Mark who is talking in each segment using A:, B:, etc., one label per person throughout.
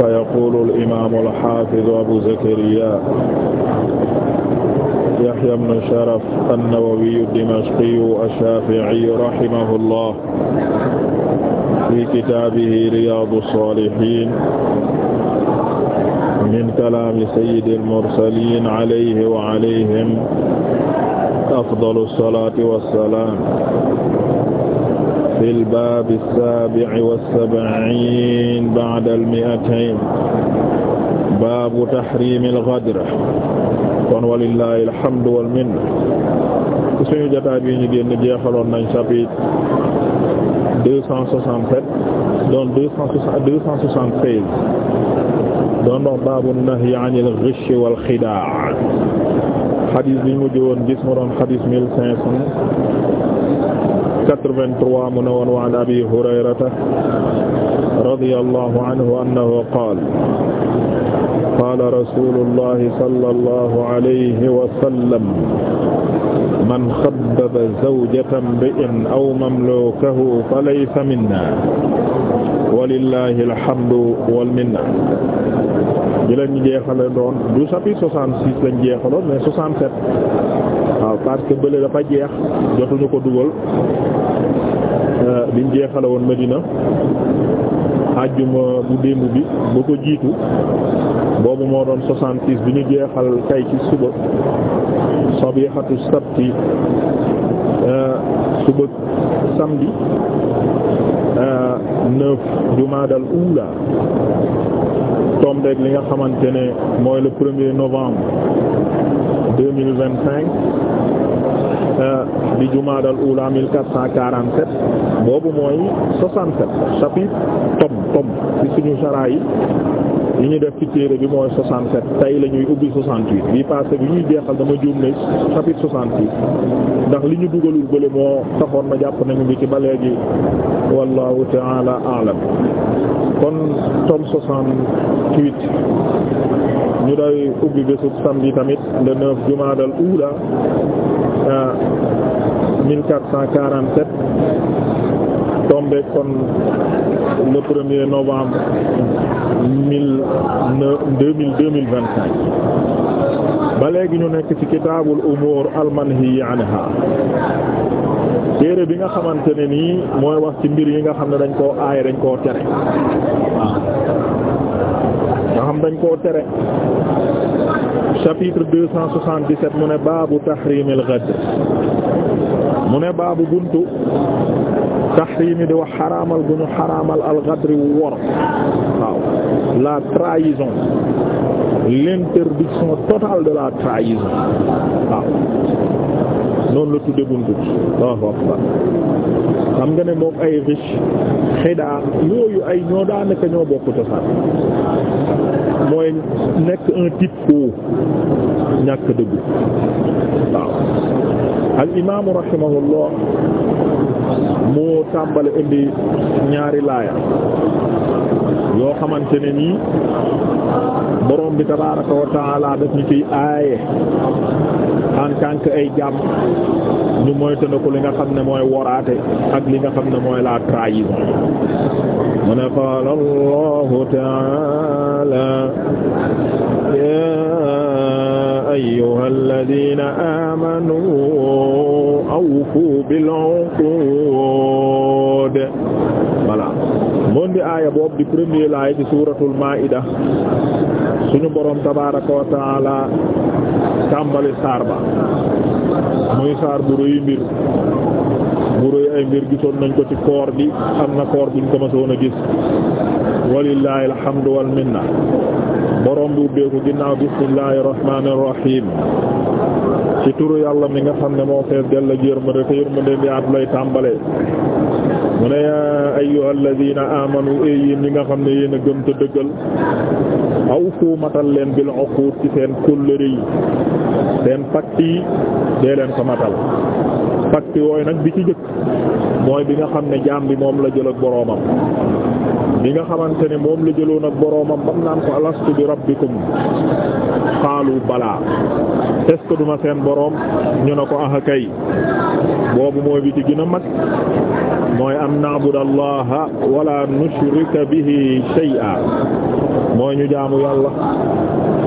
A: fa yaqulu al-imaam al-haafiz Abu Zakariyaa Yahyaa ibn Sharaf an-Nawawi ad-Dimashqi ash-Shaafi'i rahimahullah fi kitaabihi Riyaadu as-Saalihiin min kalaami sayyidi al-mursaliin alayhi wa alayhim afdalu as-salaati was-salaam في الباب السابع والسبعين بعد المئتين باب تحريم الغدر kon walillahi alhamdu wal minna ci suñu jotaay bi ñu génn jeexaloon nañ chapitre deux cent soixante-sept donc deux cent soixante-seize doon wax baabu nahyi anil ghish wal xidaa xadis bi mu jëwoon gis mu doon xadis mille cinq cent 83 mu ne woon wa an abi hurayrata radiyallahu anhu annahu qaala qaala rasuulullahi sallallahu alayhi wa sallam man xabbaba zawjata imri'in aw mamluukahu falaysa minnaa walillaahi alhamdu wal minna. lañu jeexale doon du chapitre soixante-six lañu jeexaloon mais soixante-sept waaw parce bële dafa jeex jotuñu ko dugal euh, biñ jeexale woon Medina àjjuma bu démb bi ba ko jiitu. boobu moo doon soixante-six bi ñu jeexal tay ci suba sabihatu sabti euh, suba samedi euh, neuf jumaadal ula tombeeg li nga xamante ne mooy le premier novembre deux mille vingt-cinq euh, di jumaadal ula mille quatre cent quarante-sept boobu mooy soixante-sept chapitre tom tom ci suñu sara yi yi ñu def ci téere bi mooy 67 tey la ñuy ubbi 68 bii passé bi ñuy jeexal dama juum ne chapitre 68 ndax li ñu dugalul bële moo taxoon ma jàpp nañu ngi ci ba léegi wallahu ta'ala a'lam kon tome 68 ñu day ubbi bésub bi tamit le 9 jumaadal uula 1447 tombé kon le premier novembre àddina deux ba léegi ñu nekk ci kitaabul umuur almanhiyi anha téere bi nga xamante ne nii mooy wax ci mbir yi nga xam ne dañ koo aaye dañ koo tere waaw nga xam dañ koo tere chapitre deux cent soixante-dix-sept mu ne baabu tahrimil ghad mu ne baabu buntu tahrimi di wax xaraamal bu ñu xaraamal al ghadri wor waaw la trahison l'interdiction totale de la trahison waaw ah. noonu la tudde buntu bi Allahu akbar nga ne moom ay riche xidaa yooyu ay ñoo daanaka ñoo bokk cosaan mooy nekk un type ñàkk dëggu waaw al imaamu rahimahullah moo tàmbale indi ñaari laaya yoo xamante ne nii borom bi tabaaraka wa daf ñu ciy aaye en tant ay jàmm ñu moytandiku li nga xam ne mooy woraate ak li nga xam ne mooy la trahison mu ne qaala allahu taala ya ayyuha alladina amanu awfu bil uqud moo di aaya boobu di premier laay di suuratul maa'ida suñu borom tabaaraka wa ta'aala tàmbali saar ba muy saar bu mbir bu rëy ay mbir gisoon nañ ko ci koor bi am na koor buñ ko mësoon a gis walillahi alhamdu wal minna borom bu ubbeeku ginnaaw bismillahir rahmanir rahim ci turu yàlla mi nga xam ne moo fees dell ak yërmande te yërmande bi at lay tàmbalee mu ne yaa ayyuha alladina amanu e eh, yéen ñi nga xam ne yéen a gëm te dëggal aw foo matal leen bil uqud ci seen kóllëre yi seen pacte dee leen ko matal pacte yooyu nag bi ci jëkk mooy bi nga xam ne jaam bi moom la jël ak boroomam bi nga xamante ne moom la jëloon ak boroomam bam naan ko alastu bi rabbikum qaalu balaa est-ce duma seen boroom ñu ne ko ah kay boobu mooy bi ci gën mag mooy an na'buda allaha wala nushrika bihi shay'a mooy ñu jaamu yàlla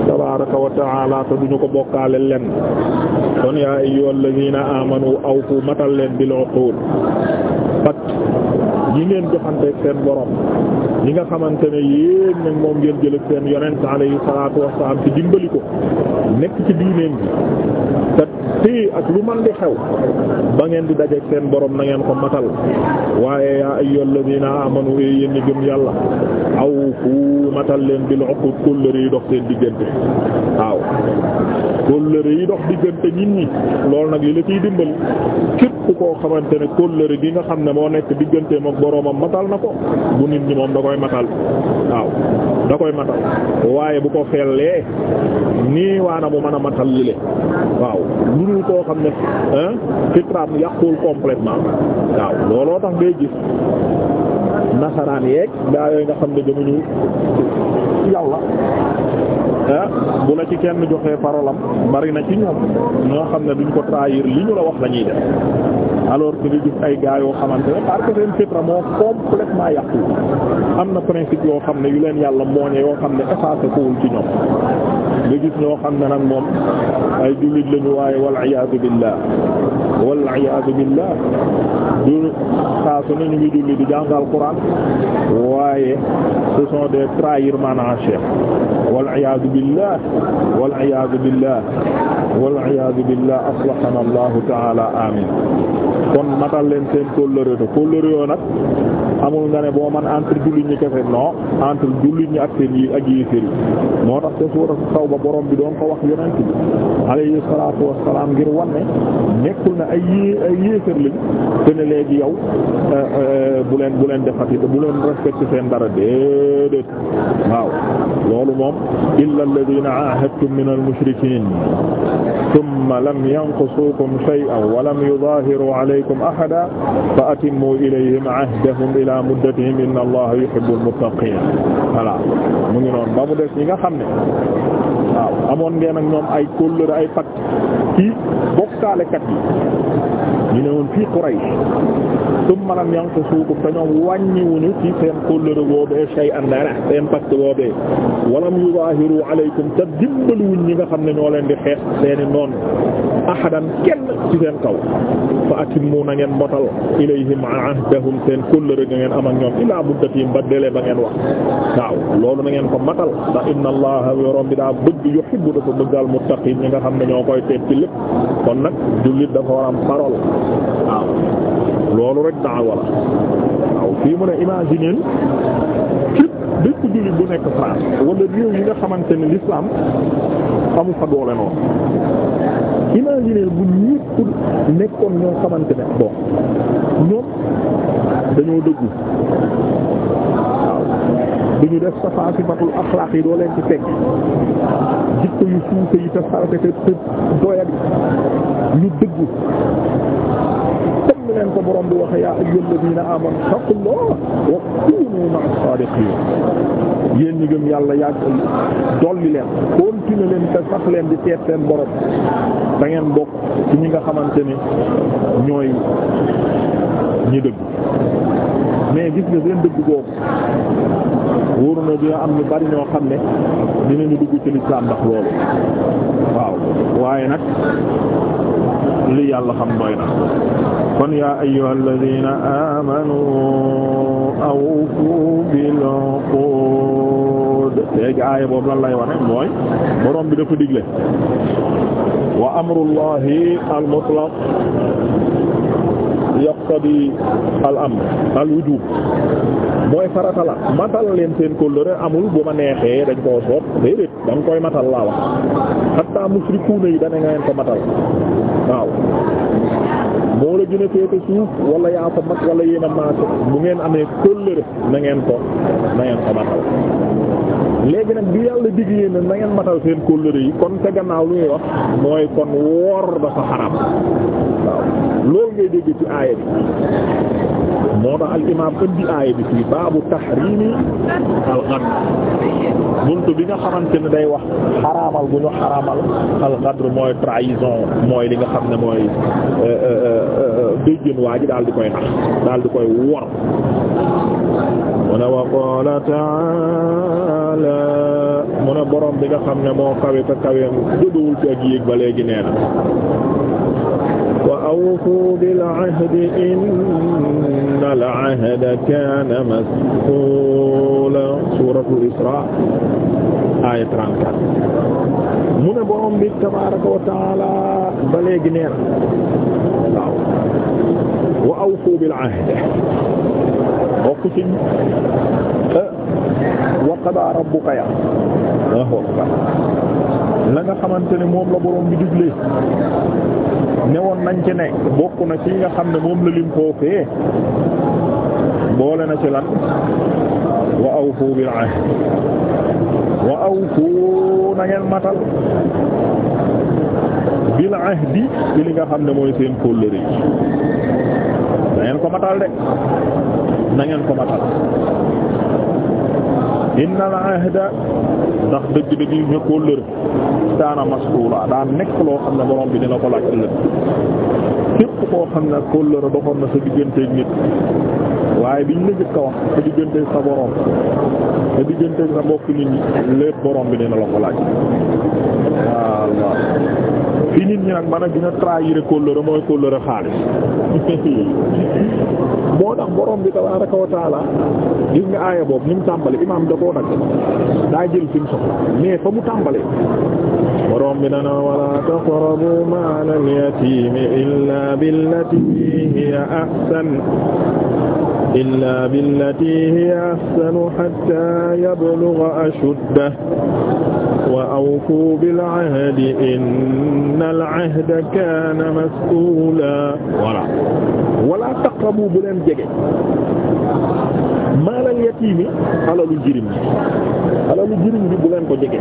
A: tabaraka wa ta'ala te duñu ko bokkaale len kon yaa ayyuhal ladina amanu awfu matal leen bil uqud pacte yi ngeen joxanteeg seen borom yi nga xamante ne yéen nag moom ngeen jël ak seen yonent alayhi salaatu wassalaam ci dimbali ko nekk ci diineen bi te téye ak lu man di xew ba ngeen di dajeeg seen borom na ngeen ko matal waaye yaa ayyul ladina amanu yéen ñi gëm yàlla aw fu matal leen bil uqud kóllëre yi dox seen diggante waaw kóllëre yi dox diggante nit ñi loolu nag li la ciy dimbali képp koo xamante kóllëre gi nga xam ne moo nekk diggante moom boroomam matal na ko bu nit ñi moom da koy matal waaw da koy matal waaye bu ko fellee nii waana mu mën a matal lile waaw lu dul koo xam ne fitraam yàquwul complètement waaw looloo tax ngay gis nasaraan yeeg gaa yooyu nga xam ne gëmuñu yàlla ah bu la ci kenn joxee parole am bari na ci ñoom ñoo xam ne duñ ko trahir li ñu la wax la ñuy def alors que li gis ay gaa yoo xamante ne parce que seen fitra moo complètement yàqu am na principe yoo xam ne yu leen yàlla mooñe yoo xam ne effacé kowul ci ñoom nga gis ñoo xam ne nag moom ay jullit lañu waaye wal iyaadu billah wal iyaadu billah du saa su ne ñu ngi julli di jàngal Alxuraan waaye ce sont des trahirments en chef wal iyaadu billah wal iyaadu billah wal iyaadu billah aslahana Allahu ta'ala amin kon matal leen seen kóllëre kóllëre yoo nag amul nga ne boo man entre jullit ñi kese non entre jullit ñi ak seen yi ak yi seen moo tax te suura tawba borom bi doon ko wax yonent bi alayhi salaatu wassalaam ngir wanne nekkul na ay yée ay yéefar lañ te ne léegi yow euh, euh, bu leen bu leen defati bu leen respecté seen dara déedéet waaw loolu moom illa alladhina ahadtum min al-mushrikiin thumma lam yanqusukum shay'an wa lam yudhahiru alaykum ahada fa atimmu ilayhim ahdahum ila ila muddatihim inna allaha yuhibbul muttaqin voilà mu ngi noonu ba mu des ñi nga xam ne waaw amoon ngeen ak ñoom ay kóllëre ay pat ci bokkaalekat yi ñu ne woon fii Quraysh summa lam yanqusukum te ñoom wàññiwuñu ci seen kóllëre boobee shay'an dara seen pacte boobee walam yuzahiru alaykum te dimbaluwuñ ñi nga xam ne ñoo leen di xeex seeni noon ahadan kenn ci seen kaw fa atimmu na ngeen motal ilayhim ahdahum seen kóllëre ga ngeen am ak ñoom ilaa muddatihim ba délai ba ngeen wax waaw loolu na ngeen ko matal inna allaha yorom bi daa bëgg rabbi yuhibbu dafa bëggal ñi nga xam ne ñoo koy teet ci lépp kon nag jullit dafa war am parole waaw loolu rek daawa la waaw fii mu ne imaginer képp bépp jullit bu nekk France wala réew yi nga xamante ne l'islam amu fa doole noonu imaginer bu ñépp nekkoon ñoo xamante ne bon ñoom dañoo dëggu du ñu def safaasimatul axlaaq yi doo leen ci fekk jikko yu suufe yi te salte te te doyadi ñu dëggu leen ko borom bi waxe yaa ayyuhal ladina amanu taqullah wa kunu ma'as sadiqin yéen ñi gëm yàlla yàgg dolli leen continuer leen te di teet seen borom da bokk ci ñi nga xamante ni ñooy ñi dëgg mais gis nga seen dëgg boobu wóor na dina am ñu bari ñoo xam ne dinañu dugg ci lislaam ndax loolu waaw waaye nag li yàlla xam doy na kon yaa ayyuhal ladina amanu awfu bil uqud léegi aaya boobu lan lay wane mooy borom bi dafa digle wa amrullahi al mutlaq yaqtadi al amr al wujub mooy farata la matal leen seen kóllëre amul bu ma neexee dañ koo soob déedéet da koy matal laa wax hatta musrikuuna yi dana nga ko matal waaw moo la gën a féete suuf wala yaa ko mag wala yéen a maase bu ngeen amee kóllëre na ko na ko matal léegi nag bi yàlla dig yéen na ngeen matal seen kóllëre yi kon te gannaaw lu wax mooy kon woor dafa xaram waaw loolu ngay bi moo tax al imaam indi aaya bi fii baabu tahrimi al ghadr bi nga xamante ne day wax xaraamal bu ñu xaraamal al mooy trahison mooy li nga xam ne mooy déjjën euh, euh, euh, waa ji daal di koy nax daal di koy wor mu ne wa qaala ta'aala mu ne borom bi nga xam ne moo kawe te kaweem jógawul ci ak yéeg ba léegi nee wa awfuu bil ahdi innal ahda kaana mas'uulaa suuratul Israa aaya 34 mu ne borom bi tabaaraka wa ta'aala ba léegi neena waaw wa awfuu bil ahdi eh, wa qadaa rabbuka la nga xamante ne moom la borom bi diglee newoon nañ ci ne bokk na ci nga xam ne moom la lim foofee boole na ci lan wa awfu bil ahd wa awfu na ngeen matal bil ahdi ci li nga xam ne mooy seen kóllëre yi ko matal de na ko matal inna al ahda ndax dëgg dëgg yu ñëkkoo lër nekk loo xam ne borom bi dina ko laaj ëllëg képp koo xam ne kóllëre doxoon na sa digganteeg nit waaye biñ la jëkk a wax sa digganteeg sa borom sa digganteeg sa mbokk nit ñi lépp borom bi dina la ko laaj waaw fi nit ñi nag man a gën a trahir kóllëre mooy kóllëre xaalis moo tax boo bi tabaaraka wa taala gis nga aaya boobu ni mu tàmbali imaam da koo nag daa jël fi mu soxla mais fa mu tàmbalee borom bi dana wala taqrabu maalal yatiimi illaa billatii hiya ahsan illaa billatii hiya ahsanu hattaa yablugha ashuddahu wa awfuu bil ahdi innal ahda kaana mas'uulaa voilà wala taqrabu bu leen jege maalal yatiimi alalu jirim alalu jirim bi bu leen ko jege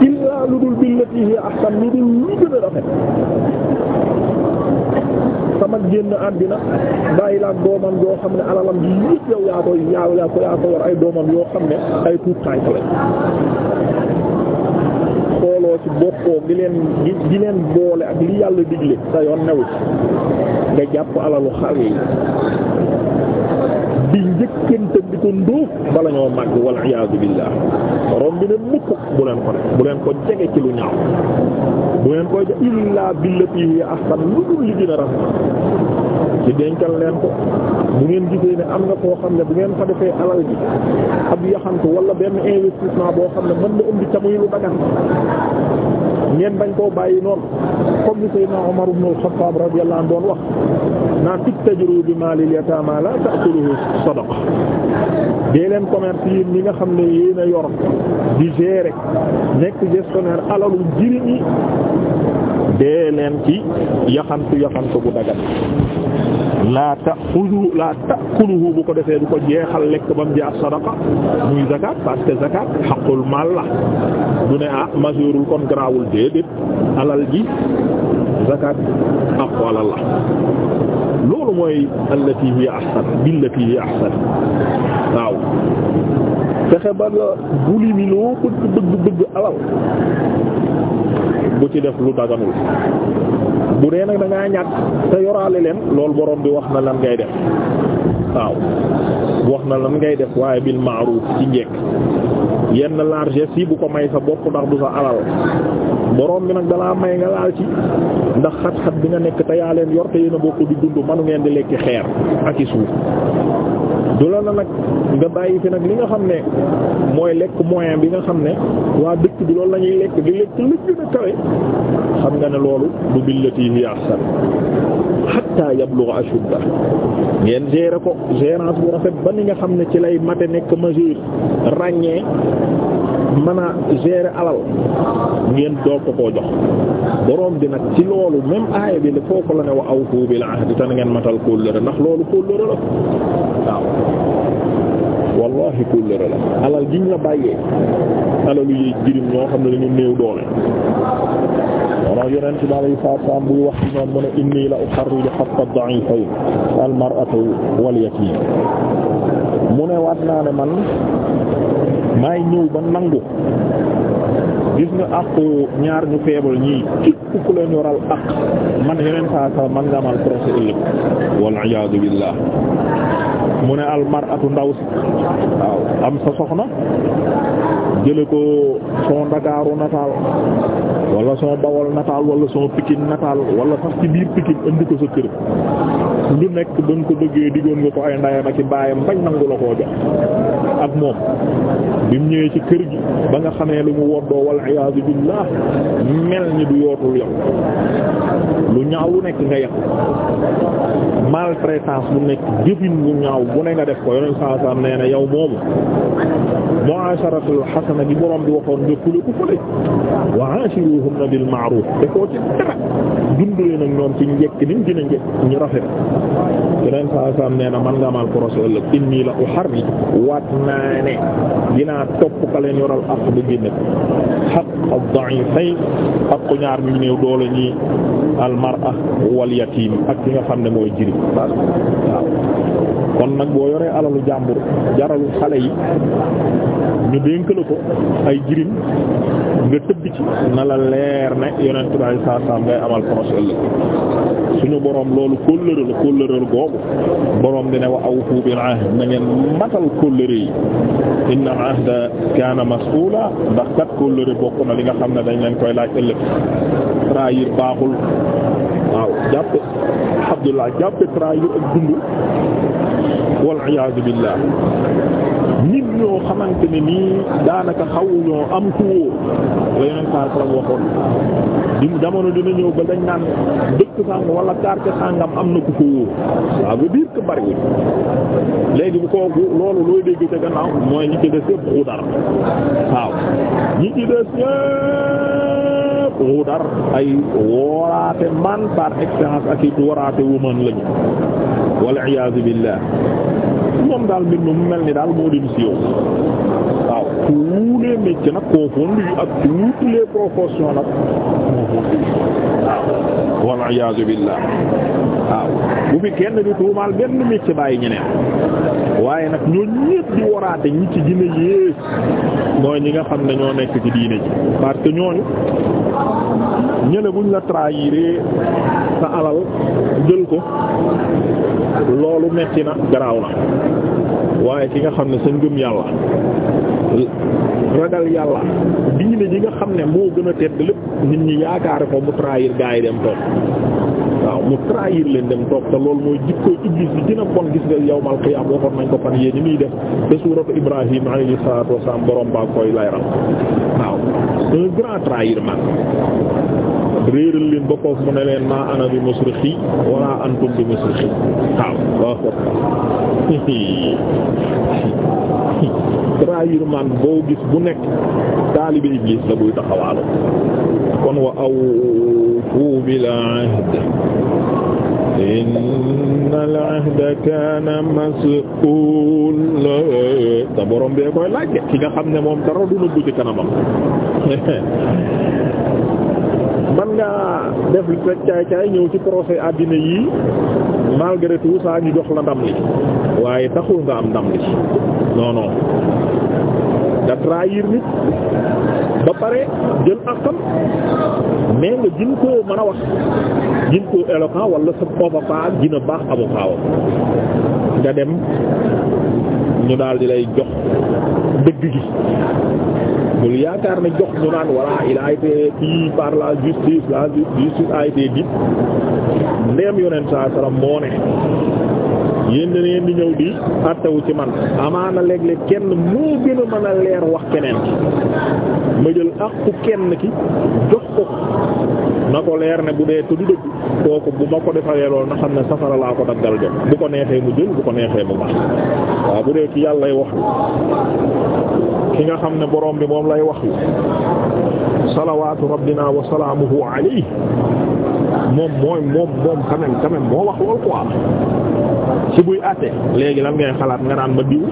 A: illaa lu dul billati hi ahsan lu dul lu gën a rafet sama génn àddina bàyyi laa doomam yoo xam ne alalam ji yëpp yow yaa koy ko yaa ko war ay doomam yoo xam ne ay tuut tànk la xooloo ci bokkoo gi leen gi leen boole ak li yàlla digle sa yoon new nga jàpp alalu xale yi di njëkkante ko ndóof bala ñoo màgg wal iyaadu billah mukk bu leen ko def bu leen ko jege ci lu ñaaw bu leen koy def illaa billati hiya ahsan lu dul li gën a ci dencal leen ko bu ngeen gisee ne am na koo xam ne bu ngeen fa defee alal ji ab yaxantu wala benn investissement boo xam ne man na indi tamuy lu dagan ngeen bañ koo bàyyi noonu comme ni Seydina Umar ibn al-Khattab radiyallahu wax naan ittajiru bi maalil yataama la ta'kuluhu sadaqa dee leen commerce yi ñi nga xam ne yéen a yor di gérer nekk gestionnaire alalu jiriñ yi dee ci yaxantu yaxantu bu dagat laa ta'khudhu laa ta'kuluhu ko defee du ko jeexal lekk ba mu jaar sadaqa muy zakat parce que xaqul maal la du ne ah majeurul kon garaawul déedéet alal ji zakat aqu alal la loolu mooy allati hiya ahsan billati hiya ahsan waaw fexe ba nga buli mi loo bëgg bëgg bëgg alal bu ci def lu daganul bu dee nag da ngaa ñàkk te yoraale leen loolu borom bi wax na lan ngay def waaw wax na lan ngay def waaye bil ma'ruf ci njekk yenn largesse yi bu ko may sa bopp ndax du sa alal borom bi nag dalaa may nga laal ci ndax xat-xat bi nga nekk te yaa leen yor te yéen a bokk di dund manu ngeen di lekki xeer ak i suuf du la na nag nga bàyyi fi nag li nga xam ne mooy lekk moyen bi nga xam ne waa dëkk bi loolu la ñuy lekk di lekk lépp na kawe xam nga ne loolu du billati hi ahsan hatta yablugha ashudda ngeen gérer ko gérance bu rafet ba ni nga xam ne ci lay mate nekk majeur ràññee mën a gérer alal ngeen doog ko koo jox borom bi nag ci loolu même aaya bi la foo ko la ne wa awfu bil ahdi tan ngeen matal kóllëre ndax loolu kóllëre la waaw wallahi kóllëre la alal giñ la bàyyee alalu yi jirim ñoo xam ne dañu néew doole ndax yonent bi alayhi salaatu salaam buy wax ci ñoom mu ne inni la uxarriju haqqa ad-da'ifayn al-mar'atu wal yatim mu ne waat naa ne man maay ñëw ba nangu gis nga àq ñaar ñu feebal ñii képp ku leen yoral àq man yeneen saa saa man nga amal procès ëllëg wal iyaadu billah mu ne al ndaw si waaw am sa soxna jële ko son Ndakaaru nataal wala son Bawol nataal wala son Pikine nataal wala sax ci biir Pikine indi ko sa kër lu nekk ba nga ko bëggee diggoon nga ko ay ndayam ak i baayam mbañ nangu la koo jox ak moom bi mu ñëwee ci kër gi ba nga xamee lu mu woddoo wal iyaadu billah mel ni du yootul yow lu ñaaw lu nekk nga yàq maltraitance bu nekk jëfin bu ñaaw bu ne nga def ko yoneen saa saa nee na yow moomu mu'asharatul hasana gi bi waxoon nga fule ku fële wa ashiruhunna bil ma'ruf te koo ci dara dundalee nag ñoom ci njëkk ni mu a njëkk ñu rafet yoneen saa saa na man nga amal procès ëllëg inni la uharri waat naa ne dinaa topp ka leen yoral ak ba génne haqq ad-da'ifayn ak ñaar ñu néew doole ñi almar'a wal yatim ak ki nga xam ne mooy jiri waaw kon nag boo yoree alalu jàmbur jaralu xale yi ñu dénk la ko ay jirim nga tëbb ci na la leer ne yonent bi saa saam ngay amal projet ëllëg suñu boroom loolu kóllëre la kóllëre googu boroom di ne wa awfu bil ahd na ngeen matal kóllëre yi inna ahda kaana mas'uula ndax kat kóllëre bokk na li nga xam ne dañ leen koy laaj ëllëg trahir baaxul waaw jàppe alhamdulillah jàppe trahir ak dund wal iyaazu billah nit ñoo xamante ne nii daanaka xaw ñoo am tuwo la yeneen saa salaam waxoon di jamono dina ñëw ba dañ naan dëkk sàng wala quartier sàngam am na ku fa wóor ça veut dire que léegi bu kooku loolu looy dégg ca gannaaw mooy ñi ci des yëpp xudar waaw ñi ci des yëpp xudar ay wooraate man par expérience ak i wooraate wu lañu walla iyaazu billaah moom daal mbir mu mel ni daal moo dem si yow waaw tous les métiers nag ak toutes les professions nag waaw iyaazu billaah waaw bu fi kenn di tuumaal benn métier bàyyi ñeneen waaye nag ñoo ñépp di waraate ñi ci gën a yées mooy ñi nga xam ne ñoo nekk ci diine ji parce que ñooñu ñële buñ la trahiré sa alal jël ko loolu metti na garaaw na waaye ki nga xam ne sa ngëm yàlla ragal yàlla diine ji nga xam ne moo gën a tedd lépp nit ñi yaakaare ko mu trahir gaa yi dem toog waaw mu trahir leen dem toog te loolu mooy jikkoy iblis bi dina bon gis nga yawmal qiyaam waxoon nañ ko fan yéen ni muy def te suuratu Ibrahim alayhi salaatu wassalaam borom baa koy layral waaw un grand trahir man réeral leen ba foofu mu ne leen maa ana bi musrixi wala antum bi musrixi waaw waaw trahir man boo gis bu nekk taalibe Iblis la buy taxawaalu kon wa awfu bil ahd innal ahda kaana mas'uula te borom bee koy laaj ki nga xam ne moom dara du nëbbu ci kanamam man ngaa def lu fekk caay caay ñëw ci procès àddina yii malgré tout ça ñu jox la ndam li waaye taxul nga am ndam li non non nga trahir nit ba pare jël akam mais nga gin koo mën a wax gin koo éloquent wala sa avocat gina baax avocat nga dem ñu daal di lay jox dëgg gi bul yaakaar ne jox ñu naan voilà il a été pris par la justice la justice a été dite ndéem saa salaam moo ne yéen da di ñëw di attawu ci man amaana léeg-léeg kenn moo gën a mën a leer wax keneen ma jël àqu kenn ki jox ko na ko leer ne bu dee te du kooku bu ma ko defalee lool na xam ne safara laa ko daggal jot bu ko neexee mu jël bu ko neexee mu bax waaw bu dee ki yàllay wax ki nga xam ne borom bi moom lay wax yu salawaatu rabbina wa salaamuhu alayhi moom mooy moom moom quand même quand même moo wax loolu quoi ci buy àtte léegi lan ngay xalaat nga naan ma diw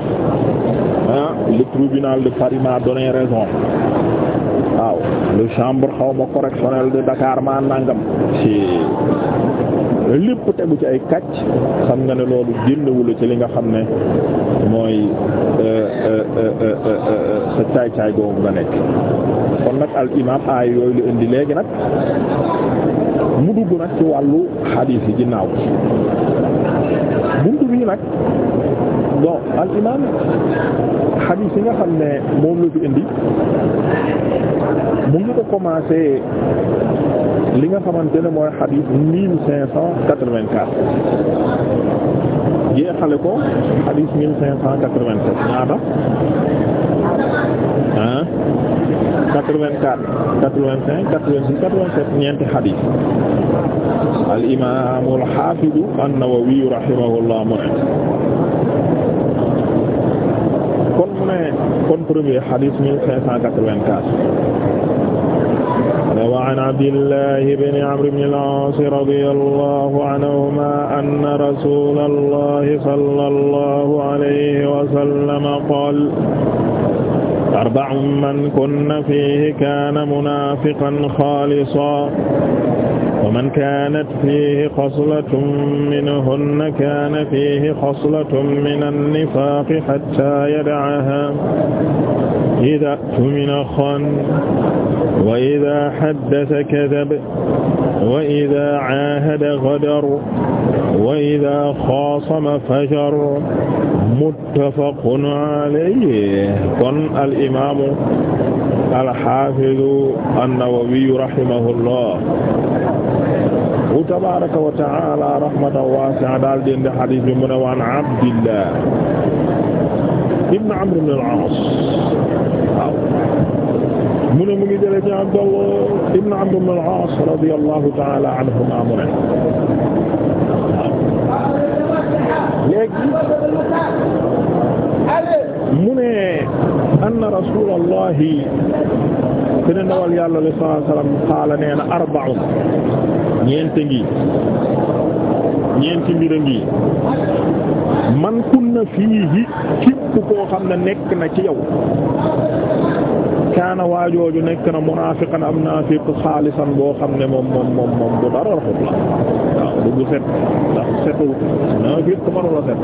A: ah le tribunal de Paris m'a donné raison waaw le chambre xaw ma correctionnel de Dakar ma nangam ci lépp tegu ci ay kàcc xam nga ne loolu génnewula ci li nga xam ne mooy euh, euh, euh, sa googu nga nekk kon nag al imam lu indi léegi nag mu ci wàllu xadiis yi ginnaaw buntu nga xam ne moom la fi indi mu ngi ko commencé li nga xamante ne mooy xadiis mille cinq cent quatre-vingt-quatre jeexale ko xadiis mille cinq quatre-vingt-sept ñaata ah quatre-vingt-quatre quatre vingt six quatre-vingt-sept ñeenti xadiis al imaamu al xaafidu an-Nawawi rahimahullah mu ne kon mu ne kon premier xadiis mille cinq cent quatre-vingt-quatre qaala wa an abdillahi bni amri bni al-aas radiyallahu anhumaa anna rasuulallahi sallallahu alayhi wa sallam qaala arba'un man kunna fiihi kaana munaafiqan xaalisan wa man kaanat fiihi xaslatun minhunna kaana fiihi xaslatun mina nnifaaqi hattaa yada'ahaa idaa tumina xaana wa idaa haddasa kadaba wa idaa caahada gadara wa idaa xaasama fajar muttafaqun alayhi kon al imaamu al xaafidu an-Nawawi rahimahullah wa tabaaraka wa ta'aala rahmatan waasi'a daal di indi hadiis bi mu ne waan Abdillah ibn Amr ibn al-Aas waaw mu ne mu ngi jëlee ci Abdallah ibn Amr ibn al-Aas radiyallahu ta'aala anhumaa léegi mu ne anna rasulallahi kene ndawal yàlla li sallallahu alayhi wasallam qaala nee na arba'un ñeente ngi ñeenti mbir ngi man kunna fiihi képp koo xam ne nekk na ci yow kaana waajooju nekk na munaafiqan am naafiq xaalisan boo xam ne moom moom moom moom bu dara raxut la bu bu set ndax setul na gis ko mënula set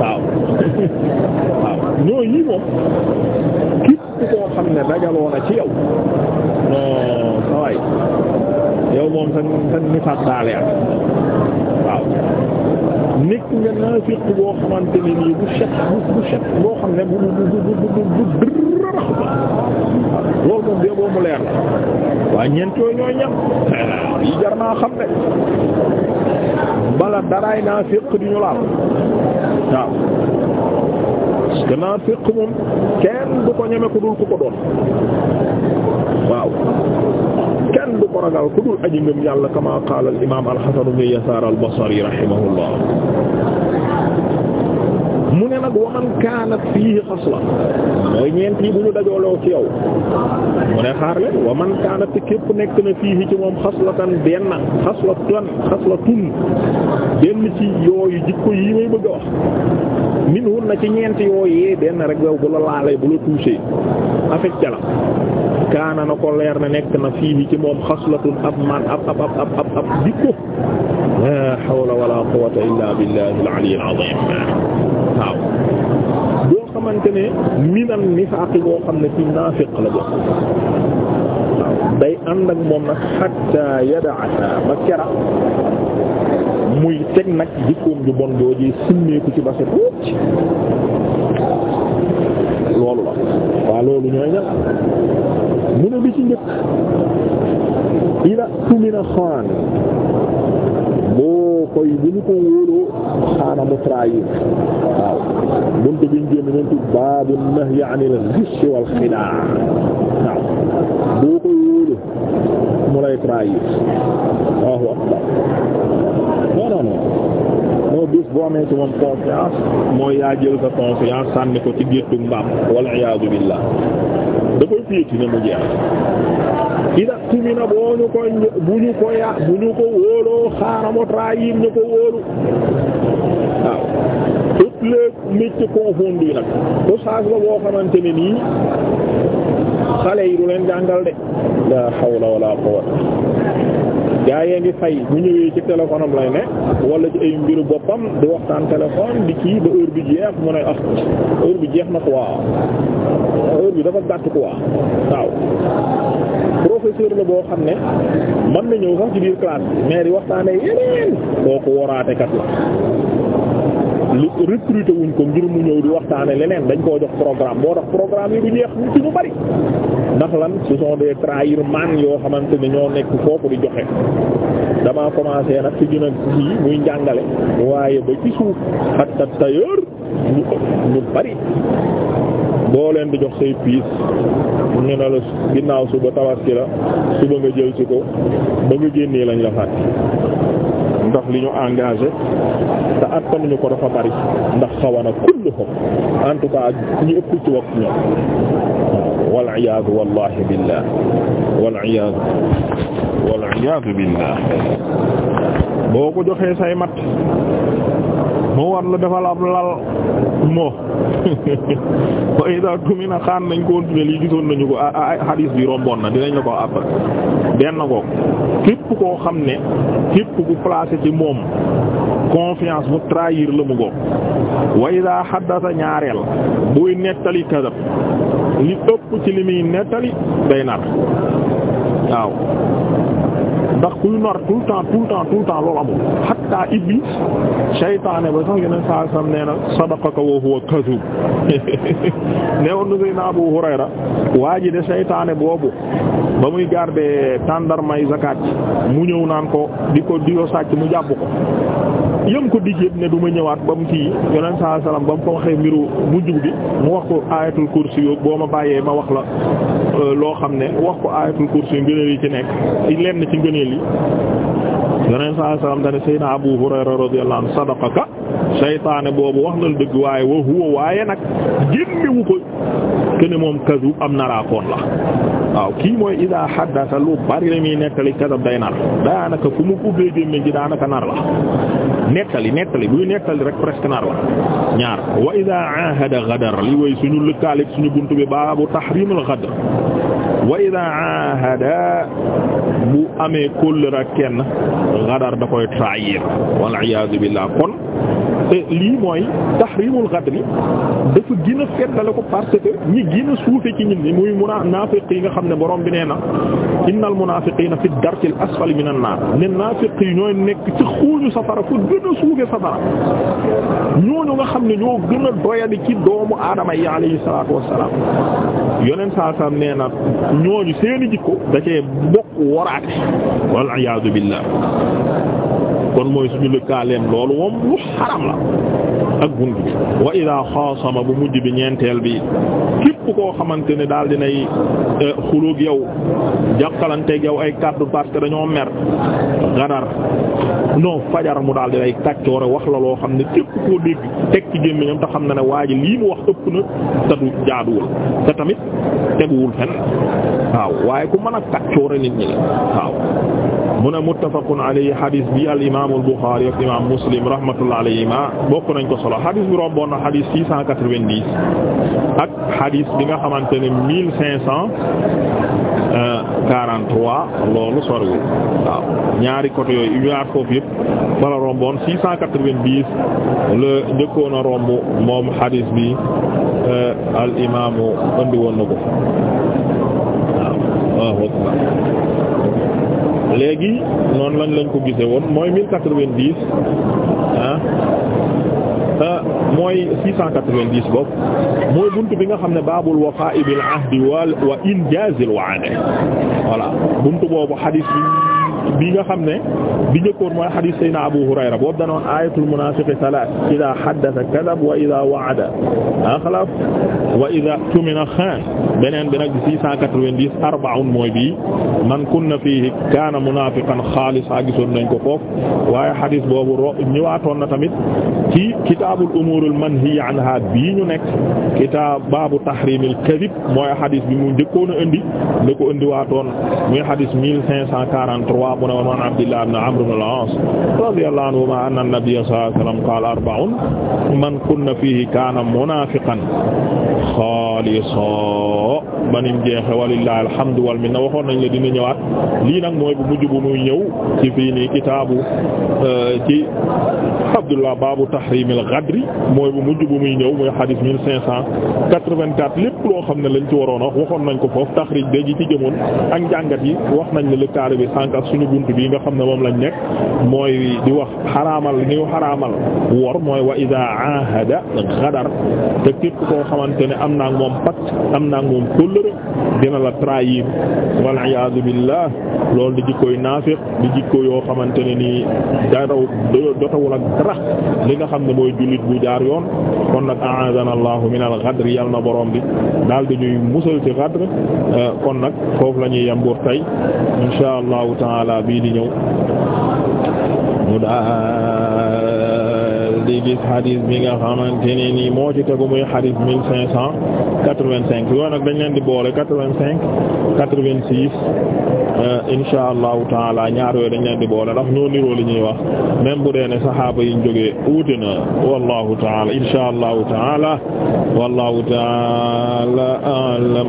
A: waaw waaw ñoo yi moom képp koo xam ne dajaloo na ci yow non sawaay yow moom sa sa nifaat daale ak waaw nekk nga naafiq boo xamante ne nii bu set bu set boo xam ne bu bu bu bu bu dërërax ba loolu moom bee boobu leer la waaye ñeent yooyu ñooy ñam xam ne bala daraay naa di ñu laal waaw parce que naa féq moom kenn ñeme ku dul ku ko doon waaw kenn du ko ragal ku dul aji ngëm yàlla kama qaala al imaam al hasan ibn yasaar al basri mu ne nag waman kaanat fiihi xasla mooy ñeent bu ñu dajooloo ci yow mu ne xaar leen waman kaanat te képp nekk na fiihi ci moom xaslatan benn xaslatan xaslatun benn ci yooyu jikko yi may bëgg a wax min hun na ci ñeent yooyee benn rek yow bu la laalee bu la touché affecté la kaana na ko leer na nekk na fiihi ci moom xaslatun ab man ab ab ab jikko la hawla wala quwwata illa billahi al-ali waaw boo xamante ne minan nifaaqi boo xam ne ci naafiq la bokk waaw day ànd ak moom nag xatta ba kera muy teg nag jikkoom ju bon jooju simmeeku ci base tuuti loolu la waaw loolu ñooy ñan mu ne bi ci njëkk ila tumina xaan boo koy bu ñu ko wóoloo xaana mu trahir waaw buntu biñ génn nañ ci baabu nahyi anil ghish wal xidaa waaw boo koy wóolu mu lay trahir waaw akbar non non non non bis boo amee ci mooy yaa jël sa confiance ko ci géttu mbaam wal iyaadu billah da koy piétiner mu jeex ida na boo ñu koy bu ñu ko ya bu ñu ko ñu ko wóolu waaw toutes les métiers confondus nag passage la boo xamante ni nii xale yi du leen jàngal de la hawla wala quwwata yee ngi fay bu ñëwee ci téléphone am lay ci ay mbiru boppam di waxtaan téléphone di kii ba heure bi jeex mu ne ah heure bi jeex na quoi heure bi dafa gàtt quoi waaw professeur la boo xam ne man na ñëw sax ci biir classe mais di waxtaane yeneen kooku waraatekat la lu recruter wuñ ko ngir mu ñëw di waxtaane leneen dañ koo jox programme boo tax programme yi du jeex ñu bari ndax lan ce sont des trahirman yoo xamante ne ñoo nekk foofu di joxe dama commencé nag ci gën a fii muy njàngale waaye ba ci suuf xattat tailleur ñu ñu bari boo leen di jox say piis ñu ne la ginnaaw suba tabaski la suba nga jël ci ko ba nga génnee lañ la fàtte ndax li ñu engagé te attanuñu ko dafa bari ndax xawana kullu ko en tout cas ñu ëpp ci wax ñoom wal iyaadu wallahi billah wal iyaadu wal iyaadu billah boo ko joxee say mat moo war la defal ab lal moo wa tumina xaan nañ ko continuer lii gisoon nañu ko ay hadis bi romboon na dinañ la ko après benn ngoog képp koo xam ne képp ku placé ci moom confiance mu trahir la mu ngoog wa xaddasa ñaareel buy nettali kadab li ëpp ci li muy nettali day nar waaw ndax kuy nar tout le temps tout temps loolu amul hatta iblis shaytaane ba sax yeneen saa sam nee na sadaqaka wa huwa kadhub ne woon nu Seydina Abu Hurayra waa ji de shaytaane boobu ba muy garder tàndarmay zakat mu ñëw naan ko di ko di ko sàcc mu jàpp ko yëm ko dig ne du ma ñëwaat ba mu kii yonent saa salaam ba mu ko waxee mbiru mujj bi mu wax ko ayatul kursi yo boo ma bàyyee ma wax la euh, loo xam ne wax ko ayatul kursi ngëneel yi ci nekk leen lenn ci ngëneel yi yonent sallallahu alayhi wasallam dane Seydina Abu Hurayra radiyallahu anhu sadaqaka seytaane boobu wax na la waaye wa huwa waaye nag génnewu ko kene moom kazu am naraakoon la waaw kii mooy idaa haddasa lu bari la muy nettali kasab day nar daanaka fu mu ubbee gémmiñ gi la nettali nettali buy nettali rek presque nar la ñaar wa idaa ahada gadar li way suñu lëkkaaleek buntu bi baabu tahriimul gadar wa idaa ahada bu amee kóllëre ak kenn gadar da koy trahir wal iyaadu billah kon te lii mooy tahrimul gadri dafa gën a feddale ko parce que ñi gën a suufe ci ñun ñi muy munaafiq yi nga xam ne borom bi nee na innal munaafiqiina fi darkil asfali minan naar ne naafiq yi ñooy nekk ci xuuñu safara fu gën a suufe safara ñooñu nga xam ne ñoo gën a doyadi ci doomu aadama yi alayhi salaatu wassalaam yonent saa saa nee na ñooñu seeni jikko da bokk waraate wal iyaadu billah kon mooy suñu lëkkaaleem loolu moom lu xaram la ak bunt bi wa ida xaasama bu mujj bi ñeenteel bi képp koo xamante ne daal dinay eh, xulóog yow jàqalanteeg yow ay kàddu parce que dañoo mer gadar non fajar mu daal dinay kàccoore wax la loo xam ne képp koo dégg teg ci gémmiñam te xam na ne waa ji lii mu wax ëpp na te du jaaduwul te tamit teguwul fen waaw waaye ku mën a kàccoore nit ñi la waaw mu ne muttafaqun alayhi hadis bi al imaam al Buxaari Muslim rahmatullah alayhima bokk nañ ko solo hadis bi romboon na ak hadis bi nga xamante ne 1543 loolu soriwul waaw ñaari côté yooyu ñaar foofu yëpp bala romboon 690 la njëkkoon moom hadis bi euh, al imaamu andi woon ko léegi noonu lañ lañ ko gise woon mooy mille quatre-vingt-dix ah, ah, mooy six cent quatre-vingt-dix bopp mooy buntu bi nga xam ne baabul wafaa'i bil ahdi wa injaazil wa'd voilà boobu hadith bi bi nga xam ne bi njëkkoon mooy xadiis sayna Abu Hurayra boobu danoon ayatul munaafiqi salaas idaa haddasa kadab wa idaa wa'ada axlaf ah wa idaa tumina xaan beneen bi nag 690 arba'un mooy bi man kunna fiihi kaana munaafiqan xaalisa gisoon nañ ko foofu waaye xadiis boobu ro ñëwaatoon na tamit ci kitaabul umuuril manhiyyi anhaa bii ñu nekk kitaab baabu tahriimil kadib mooy xadiis bi mu njëkkoon a indi da ko indiwaatoon muy xadiis 1543 Ishaq mu ne woon an Abdullah ibn Amr ibn al-As radiyallahu anhuma anna an-nabiyya sallallahu alayhi wa sallam qala arba'un man kunna fihi kana munafiqan khalisan ba nim jeexe walillahi alhamdu wal minna waxoon nañ la dina ñëwaat lii nag mooy bu mujj bu muy ñëw ci fii nii kitaabu euh, ci Abdullah baabu tahrimil ghadri mooy bu mujj bu muy ñëw mooy xadis mille cinq cent quatre-vingt-quatre lépp loo xam ne lañ ci waroon a wax waxoon nañ ko foofu taxrij bi ci jëmoon ak njàngat yi wax nañ la lëkkaale bi sànq suñu bunt bi nga xam ne moom lañ nekk mooy di wax xaraamal li ñu xaraamal wor mooy wa iza ahada ghadar te képp koo xamante ne am naa moom pacte am kóllëre a la trahir wal iyaadu billah loolu di jikkooy naafiq di jikko yoo xamante ne nii dara dotawul ak dara li nga xam ne mooy jullit bu jaar yoon kon nag a'aadana allahu min al ghadr yal na borom bi daal di ñuy musal ci euh, kon nag foofu lañuy ñuy yemboor tey insha allahu taala bii di ñëw di gis hadis bi nga xamante ne nii moo ci tegu muy hadis mille cinq cent quatre-vingt-cinq yoo nag dañ leen di boole quatre-vingt-cinq quatre-vingt-six euh, insha allahu taala ñaar yooyu dañ leen di boole ndax ñoo niroo li ñuy wax même bu dee ne saxaaba yi ñu jógee wuute na wallahu taala insha allahu taala wallahu taala alam